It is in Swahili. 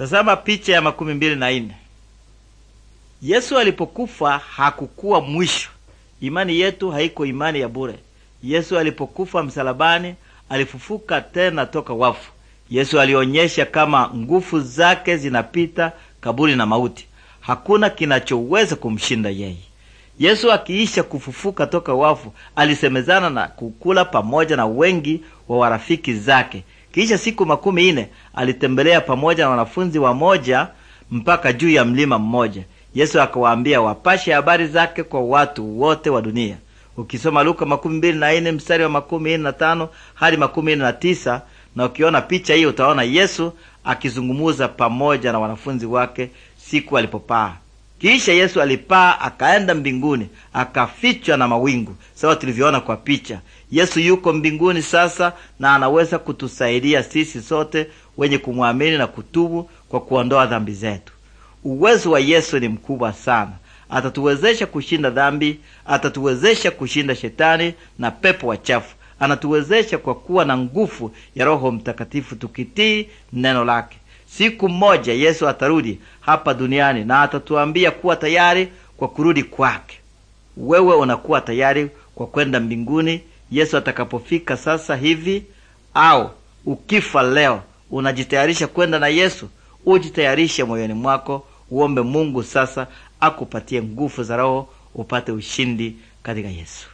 Tazama picha ya makumi mbili na ine. Yesu alipokufa hakukuwa mwisho. Imani yetu haiko imani ya bure. Yesu alipokufa msalabani alifufuka tena toka wafu. Yesu alionyesha kama nguvu zake zinapita kaburi na mauti. Hakuna kinachoweza kumshinda yeye. Yesu akiisha kufufuka toka wafu, alisemezana na kukula pamoja na wengi wa warafiki zake. Kisha siku makumi ine alitembelea pamoja na wanafunzi wa moja mpaka juu ya mlima mmoja. Yesu akawaambia wapashe habari zake kwa watu wote wa dunia. Ukisoma Luka makumi mbili na ine mstari wa makumi ine na tano hadi makumi ine na tisa na ukiona picha hiyo utaona Yesu akizungumuza pamoja na wanafunzi wake siku alipopaa. Kisha Yesu alipaa akaenda mbinguni, akafichwa na mawingu, sawa tulivyoona kwa picha. Yesu yuko mbinguni sasa, na anaweza kutusaidia sisi sote wenye kumwamini na kutubu kwa kuondoa dhambi zetu. Uwezo wa Yesu ni mkubwa sana. Atatuwezesha kushinda dhambi, atatuwezesha kushinda shetani na pepo wachafu. Anatuwezesha kwa kuwa na nguvu ya Roho Mtakatifu tukitii neno lake. Siku moja Yesu atarudi hapa duniani na atatuambia kuwa tayari kwa kurudi kwake. Wewe unakuwa tayari kwa kwenda mbinguni Yesu atakapofika sasa hivi, au ukifa leo unajitayarisha kwenda na Yesu? Ujitayarishe moyoni mwako, uombe Mungu sasa akupatie nguvu za Roho upate ushindi katika Yesu.